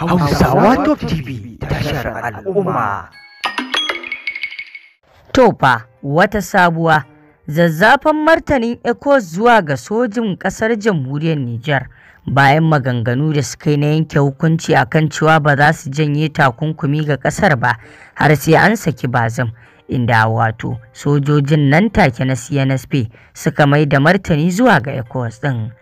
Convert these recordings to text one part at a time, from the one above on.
Hausawa Top TV tashar al'umma. To wata sabuwa zazzafan martanin ECOWAS zuwa ga sojin ƙasar jamhuriyar Nijar bayan maganganu da suka yi na yanke hukunci a kan cewa ba za su janye takunkumi ga ƙasar ba har sai an saki bazam. inda wato sojojin nan take na CNSP suka mai da martani zuwa ga Ecos ɗin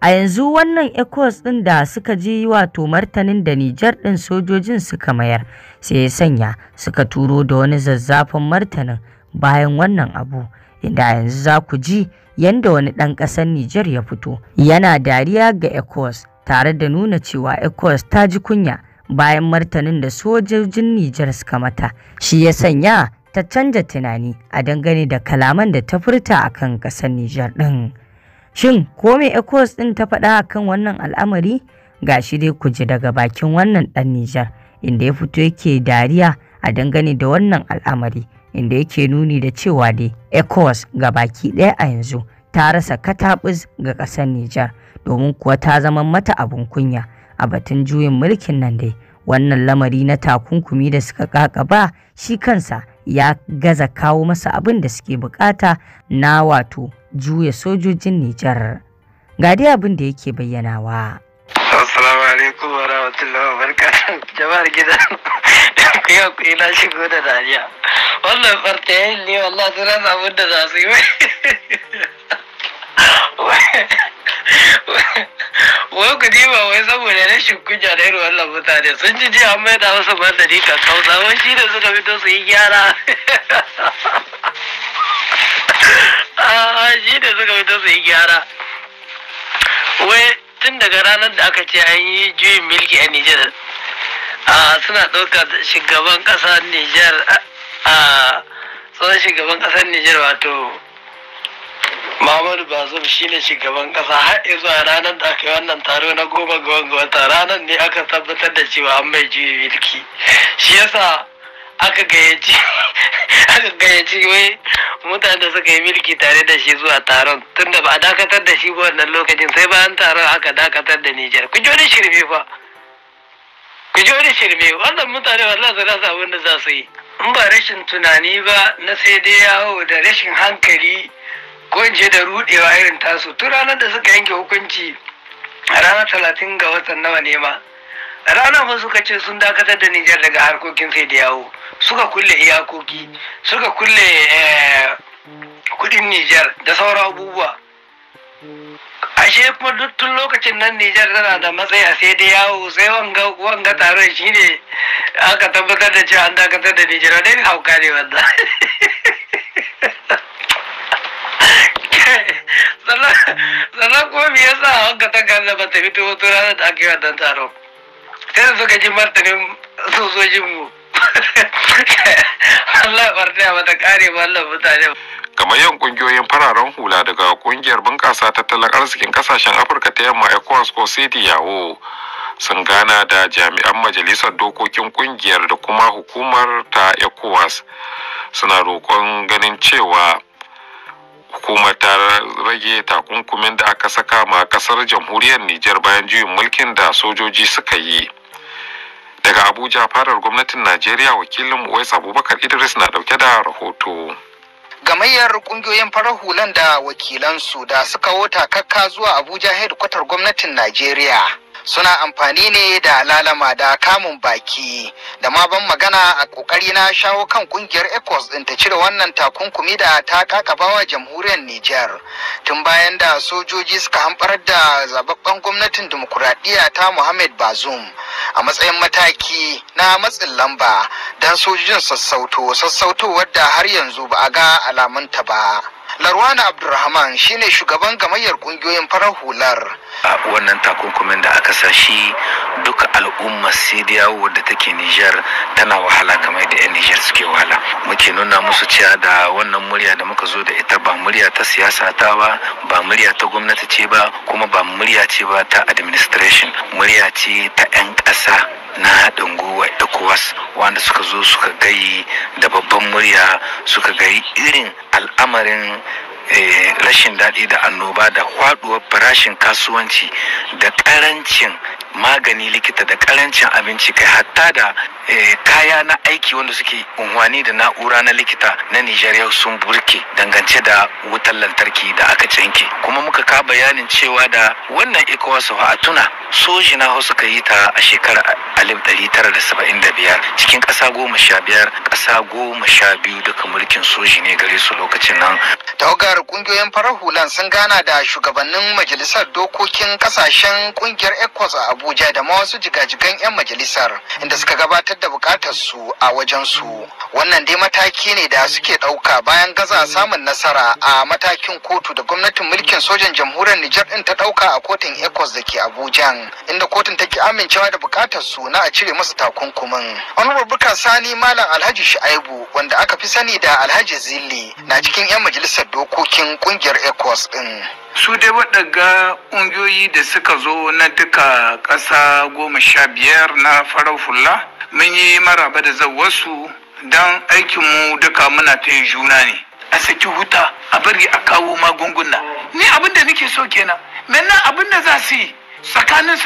A yanzu wannan Ecos ɗin da suka ji wato martanin da Nijar ɗin sojojin suka mayar sai ya sanya suka turo da wani zazzafan martanin bayan wannan abu inda a yanzu za ku ji yadda wani ɗan ƙasar Nijar ya fito yana dariya ga ECOWAS tare da nuna cewa ECOWAS ta ji kunya bayan martanin da sojojin Nijar suka mata shi ya sanya ta canja tunani a dangane da kalaman da ta furta akan ƙasar Nijar ɗin. Shin ko mai ECOWAS ɗin ta faɗa akan wannan al'amari? Ga shi dai ku ji daga bakin wannan ɗan Nijar inda ya fito yake dariya a dangane da wannan al'amari inda yake nuni da cewa dai ECOWAS ga baki ɗaya a yanzu ta rasa kataɓus ga ƙasar Nijar domin kuwa ta zama mata abin kunya a batun juyin mulkin nan dai. Wannan lamari na takunkumi da suka ƙaƙaba shi kansa ya gaza kawo masa abin da suke bukata na wato juya sojojin Nijar. Ga dai abin da yake bayyanawa. Assalamu alaikum wa rahmatullahi wa barakatuh. Jama'ar gida. Ku yau ku ina shigo da dariya. Wannan fartayen ne wallahi sun rasa abin da za su yi. wai ku ba wai saboda rashin kunya na irin wannan mutane sun ji ji an maida masa martani kan kausa wai shi da suka fito su yi gyara shi da suka fito su yi gyara wai tun daga ranar da aka ce an yi juyin milki a Nijar suna ɗauka shugaban ƙasa Nijar a tsohon shugaban ƙasar Nijar wato Muhammadu Bazum shine shugaban ƙasa har izuwa ranar da aka yi wannan taro na goma ga wata ranar ne aka tabbatar da cewa an mai juyin milki shi yasa aka gayyaci aka gayyaci wai mutane da suka yi milki tare da shi zuwa taron tunda ba a dakatar da shi ba wannan lokacin sai bayan taron aka dakatar da Nijar ku ji shirme fa ku ji wani shirme wannan mutane wallahi za su abin da za su yi in ba rashin tunani ba na sai dai yawo da rashin hankali ko in ce da rudewa irin tasu tun ranar da suka yanke hukunci a ranar talatin ga watan nawa ne ma ranar fa suka ce sun dakatar da Nijar daga harkokin sai da yawo suka kulle iyakoki suka kulle eh, kudin Nijar da sauran abubuwa ashe kuma duk tun lokacin nan Nijar tana da matsaya sai da yawo sai wanga wanga taron shine aka tabbatar da cewa an dakatar da Nijar dai hauka ne wanda sannan kuma me yasa hanga ta gaza ba ta fito wata ranar da ake wannan taron sai suka ji martanin sojojinmu Allah barna mata kare mallan mutane kungiyoyin fararen hula daga kungiyar bunƙasa tattalin arzikin kasashen afirka ta yamma ecowas ko yawo sun gana da jami'an majalisar dokokin kungiyar da kuma hukumar ta ecowas suna roƙon ganin cewa hukumar ta rage takunkumin da aka saka ma kasar jamhuriyar nijar bayan juyin mulkin da sojoji suka yi Abuja farar gwamnatin Najeriya wakilin Uwais Abubakar Idris na dauke da rahoto. gamayyar kungiyoyin farar hulan da wakilansu da suka wota kakka zuwa abuja headquarter gwamnatin najeriya suna amfani ne da lalama da kamun baki da ma ban magana a kokari na shawo kan kungiyar ecos din ta cire wannan takunkumi da ta wa jamhuriyar niger tun bayan da sojoji suka hamɓarar da zababben gwamnatin dimokuraɗiyya ta muhammad bazoum a matsayin mataki na matsin lamba don sojojin sassauto sassautowar da har yanzu ba a ga alamunta ba larwana abdurrahman shine shugaban gamayyar kungiyoyin farar hular a wannan takunkumin da aka sa shi duka al'ummar sidiya wadda take nijar tana wahala kamar da yan nijar suke wahala muke nuna musu cewa da wannan murya da muka zo da ita ba murya ta siyasa ta ba ba murya ta gwamnati ce ba kuma ba murya ce ba ta administration murya ce ta yan ƙasa na haɗin gwiwa ecowas wanda suka zo suka gayi da babban murya suka gayi irin al'amarin eh, rashin daɗi da annoba da kwaɗuwar farashin kasuwanci da ƙarancin magani likita da karancin abinci kai hatta da eh, kaya na aiki wanda suke unhwani da na'ura na likita na Nijar sun burke dangance da wutar lantarki da aka canke kuma muka ka bayanin cewa da wannan ECOWAS a tuna soji na hau suka yi ta a shekarar 1975 cikin ƙasa goma sha biyar ƙasa goma sha biyu duka mulkin soji ne gare su lokacin nan. Tawagar ƙungiyoyin farar hulan sun gana da shugabannin majalisar dokokin ƙasashen ƙungiyar Ecos a abu Abuja da ma wasu jigajigan 'yan majalisar inda suka gabatar da bukatar su a wajen su. Wannan dai mataki ne da suke ɗauka bayan gaza samun nasara a matakin kotu da gwamnatin mulkin sojan jamhuriyar Nijar din ta ɗauka a kotun ECOWAS da ke Abuja inda kotun take amincewa da bukatar su na a cire musu takunkumin. Honorable Bukar Sani Malam Alhaji Shu'aibu wanda aka fi sani da Alhaji Zilli na cikin 'yan majalisar dokokin kungiyar ECOWAS ɗin. su dai waɗaga ƙungiyoyi da suka zo na duka ƙasa goma sha biyar na farar hula mun yi maraba da zawarsu don aikinmu duka muna ta juna ne a saki huta a bari a kawo magunguna ni abin da nake so kenan menna abin da za su yi su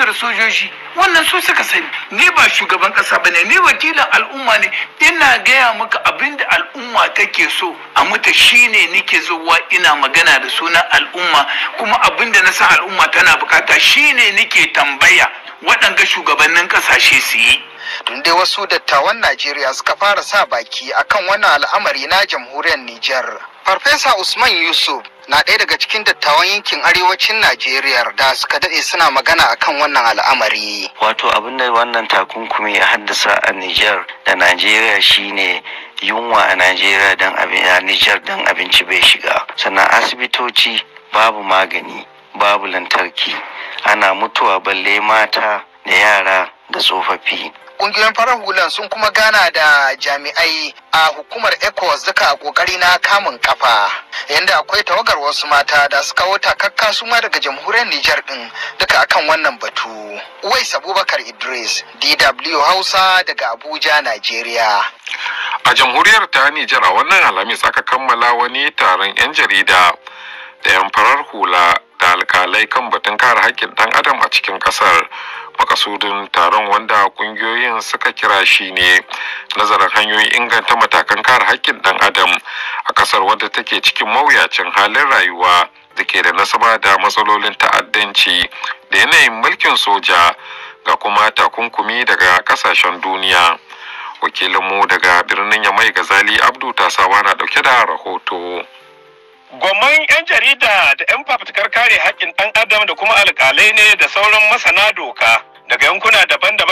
da sojoji wannan su suka sani ni ba shugaban kasa bane ni wakilin al'umma ne ina gaya maka abin da al'umma take so a mata shine nike zuwa ina magana da sunan al'umma kuma abin da na sa al'umma tana bukata shine nike tambaya waɗanga shugabannin kasashe su yi tun dai wasu dattawan Najeriya suka fara sa baki akan wannan al'amari na jamhuriyar Nijar. Farfesa Usman Yusuf na ɗaya daga cikin dattawan yankin arewacin Najeriya da suka daɗe suna magana a kan wannan al'amari. Wato abin da wannan takunkumi ya haddasa a Nijar da Najeriya shine yunwa a Najeriya don Nijar don abinci bai shiga. Sannan asibitoci babu magani, babu lantarki, ana mutuwa balle mata da yara da tsofaffi kungiyoyin farar hulan sun kuma gana da jami'ai a hukumar ecowas duka kokari na kamun kafa yadda akwai tawagar wasu mata da suka wuta kakka su ma daga jamhuriyar nijar din duka akan wannan batu wais abubakar idris dw hausa daga abuja nigeria a jamhuriyar ta nijar a wannan alhamis aka kammala wani taron 'yan jarida da 'yan farar hula alkalai kan batun kare haƙƙin ɗan adam a cikin ƙasar makasudin taron wanda ƙungiyoyin suka kira shi ne nazarin hanyoyin inganta matakan kare haƙƙin ɗan adam a ƙasar Wanda take cikin mawuyacin halin rayuwa da ke da nasaba da matsalolin ta'addanci da yanayin mulkin soja ga kuma takunkumi daga ƙasashen duniya wakilinmu daga birnin yamai gazali abdu tasawa na ɗauke da rahoto Gwamman 'yan jarida da 'yan fafutukar kare haƙƙin ɗan adam da kuma alƙalai ne da sauran masana doka daga yankuna daban-daban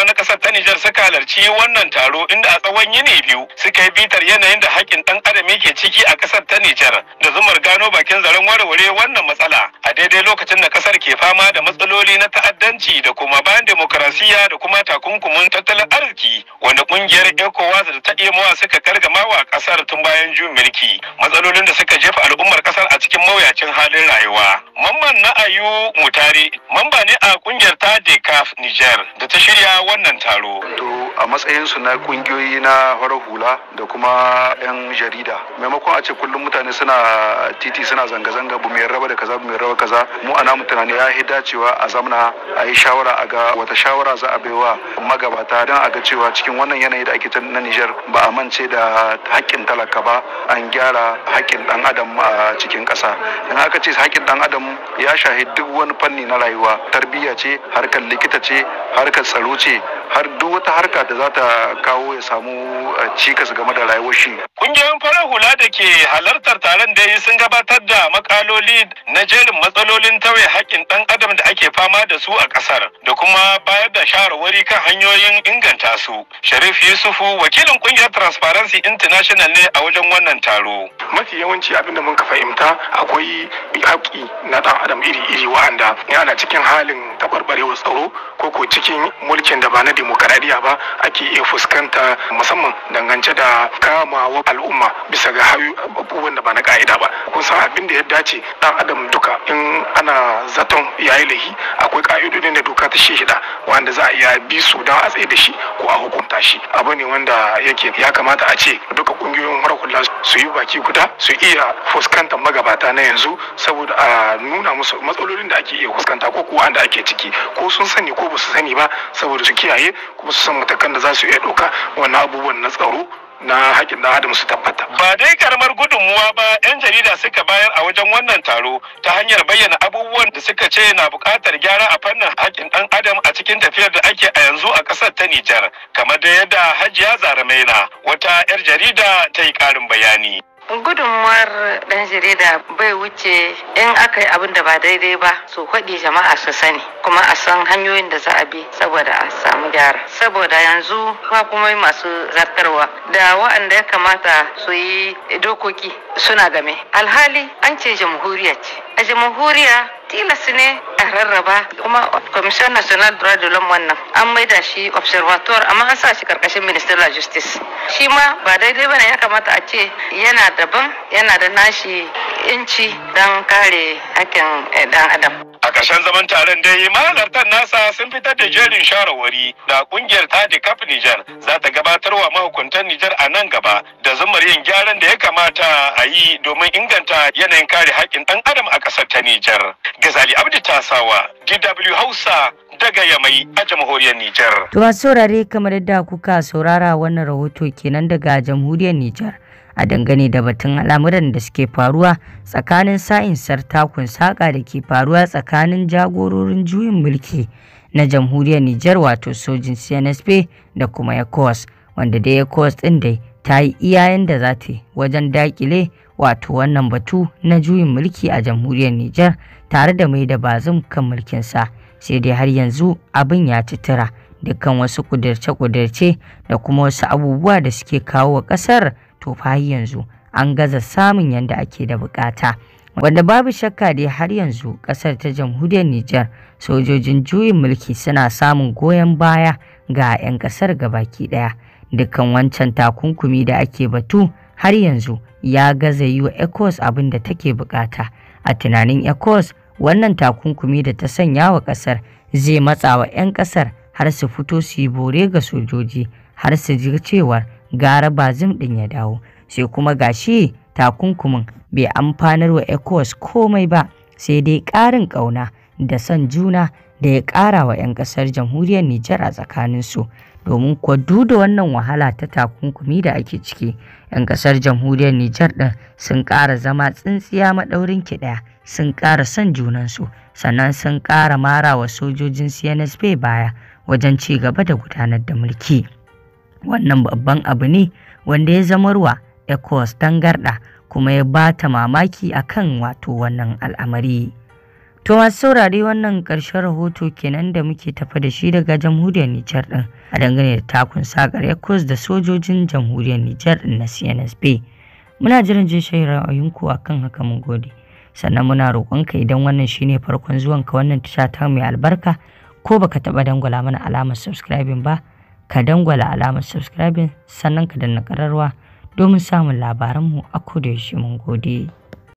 ta Nijar suka halarci wannan taro inda a tsawon yini biyu suka yi bitar yanayin da haƙƙin ɗan adam yake ciki a ƙasar ta Nijar da zumar gano bakin zaren warware wannan matsala a daidai lokacin da ƙasar ke fama da matsaloli na ta'addanci da kuma bayan demokarasiya da kuma takunkumin tattalin arziki wanda ƙungiyar ECOWAS da ta EMOA suka gargama wa ƙasar tun bayan juyin mulki matsalolin da suka jefa al'ummar ƙasar a cikin mawuyacin halin rayuwa. Mamman na Ayu Mutare mamba ne a ƙungiyar ta DECAF Nijar da ta shirya wannan taro. to a matsayinsu na kungiyoyi na farar hula da kuma 'yan jarida maimakon a ce kullum mutane suna titi suna zanga-zanga bu mai raba da kaza bu mai raba kaza mu ana mu tunani ya yi dacewa a zamana a yi shawara a ga wata shawara za a baiwa magabata don a ga cewa cikin wannan yanayi da ake ta na Nijar ba a mance da haƙƙin talaka ba an gyara haƙƙin ɗan adam a cikin ƙasa in aka ce haƙƙin ɗan adam ya shahi duk wani fanni na rayuwa tarbiyya ce harkar likita ce harkar tsaro ce har duk wata harka da za ta kawo ya samu eh, cikas game da rayuwar shi. Kungiyoyin farar hula da ke halartar taron dai sun gabatar da makaloli na jerin matsalolin tauye haƙƙin ɗan adam da ake fama da su a ƙasar da kuma bayar da shawarwari kan hanyoyin inganta su. Sharif Yusufu wakilin kungiyar Transparency International ne a wajen wannan taro. Mafi yawanci abin da mun ka fahimta akwai haƙƙi na ɗan adam iri-iri wa'anda yana cikin halin taɓarɓarewar tsaro ko ko cikin mulkin da ba na demokrasi demokaradiyya ba ake iya fuskanta musamman dangance da kamawa al'umma bisa ga abubuwan da ba na ka'ida ba ya dace dan adam duka in ana zaton yayi lahi akwai ka'idodin da doka ta shi shida wanda za a iya bi su dan a tsaye da shi ko a hukunta shi abu ne wanda yake ya kamata a ce duka kungiyoyin kula su yi baki guda su iya fuskantar magabata na yanzu saboda a nuna musu matsalolin da ake iya fuskanta ko kuwa da ake ciki ko sun sani ko ba su sani ba saboda su kiyaye kuma su san matakan da za su iya doka wannan abubuwan na tsaro na haƙin ɗan adam su tabbata. Ba dai karamar gudunmuwa ba 'yan jarida suka bayar a wajen wannan taro ta hanyar bayyana abubuwan da suka ce na buƙatar gyara a fannin haƙin ɗan adam a cikin tafiyar da ake a yanzu a ƙasar ta Nijar, kamar da yadda Hajiya Zaramaina wata 'yar jarida ta yi ƙarin bayani. gudunmuwar dan jarida bai wuce in aka yi abin da ba daidai ba su kwaɗi jama'a su sani kuma a san hanyoyin da za a bi saboda a samu gyara saboda yanzu kuma masu zartarwa da wa'anda ya kamata su yi dokoki suna game alhali an ce jamhuriya ce a jamhuriya tilas ne a rarraba kuma commission national droit de l'homme wannan an da shi observatoire amma an sa shi karkashin minister la justice shi ma ba daidai bane ya kamata a ce yana daban yana da nashi inci don kare hakkin dan eh, adam A ƙarshen zaman taron dai mahalartan nasa sun fitar da jerin shawarwari da ƙungiyar da Cup Nijar za ta gabatar wa mahukuntan Nijar a nan gaba da zumar yin gyaran da ya kamata a yi domin inganta yanayin kare haƙƙin ɗan adam a ƙasar ta Nijar. Gazali Abdi Tasawa, DW Hausa, daga Yamai a jamhuriyar Nijar. To a saurare kamar yadda kuka saurara wannan rahoto kenan daga jamhuriyar Nijar. a dangane da batun al'amuran da suke faruwa tsakanin sa'in sartakun saƙa da ke faruwa tsakanin jagororin juyin mulki na jamhuriyar Nijar wato sojin CNSP da kuma ECOWAS wanda dai ECOWAS ɗin dai ta yi iyayen da za ta wajen daƙile wato wannan batu na juyin mulki a jamhuriyar Nijar tare da mai da bazum kan mulkinsa sai dai har yanzu abin ya tura dukkan wasu kudirce-kudirce da kuma wasu abubuwa da suke kawo wa ƙasar to fa yanzu an gaza samun yanda ake da bukata. Wanda babu shakka dai har yanzu kasar ta jamhuriyar Nijar sojojin juyin mulki suna samun goyon baya ga 'yan kasar gabaki daya. Dukkan wancan takunkumi da ake batu har yanzu ya gaza yi wa ECOWAS abin da take bukata. A tunanin ECOWAS wannan takunkumi da ta sanya wa kasar zai matsa wa 'yan kasar har su fito su yi bore ga sojoji har su ji cewar gara bazim din ya dawo sai kuma gashi takunkumin bai amfanar wa ECOWAS komai ba sai dai ƙarin ƙauna da son juna da ya ƙara wa 'yan ƙasar jamhuriyar Nijar a tsakaninsu domin kuwa duda wannan wahala ta takunkumi da ake ciki 'yan ƙasar jamhuriyar Nijar ɗin sun ƙara zama tsintsiya maɗaurin kiɗaya sun ƙara son junansu sannan sun ƙara mara wa sojojin CNSP baya wajen ci gaba da gudanar da mulki. wannan babban abu ne wanda ya zama ruwa, ecos Garɗa, kuma ya ba ta mamaki a kan wato wannan al'amari to masu saurare wannan ƙarshen rahoto kenan da muke tafa da shi daga jamhuriyar nijar din a dangane da takun sakar ecos da sojojin jamhuriyar nijar ɗin na cnsp muna jiran jin ku a akan haka mun gode sannan muna roƙonka idan wannan shine farkon zuwanka wannan tasha ta mai albarka ko baka taɓa dangwala mana alamar subscribing ba ka dangwala alamar subscribing sannan ka danna kararwa domin samun labaranmu a kodayaushe mun gode.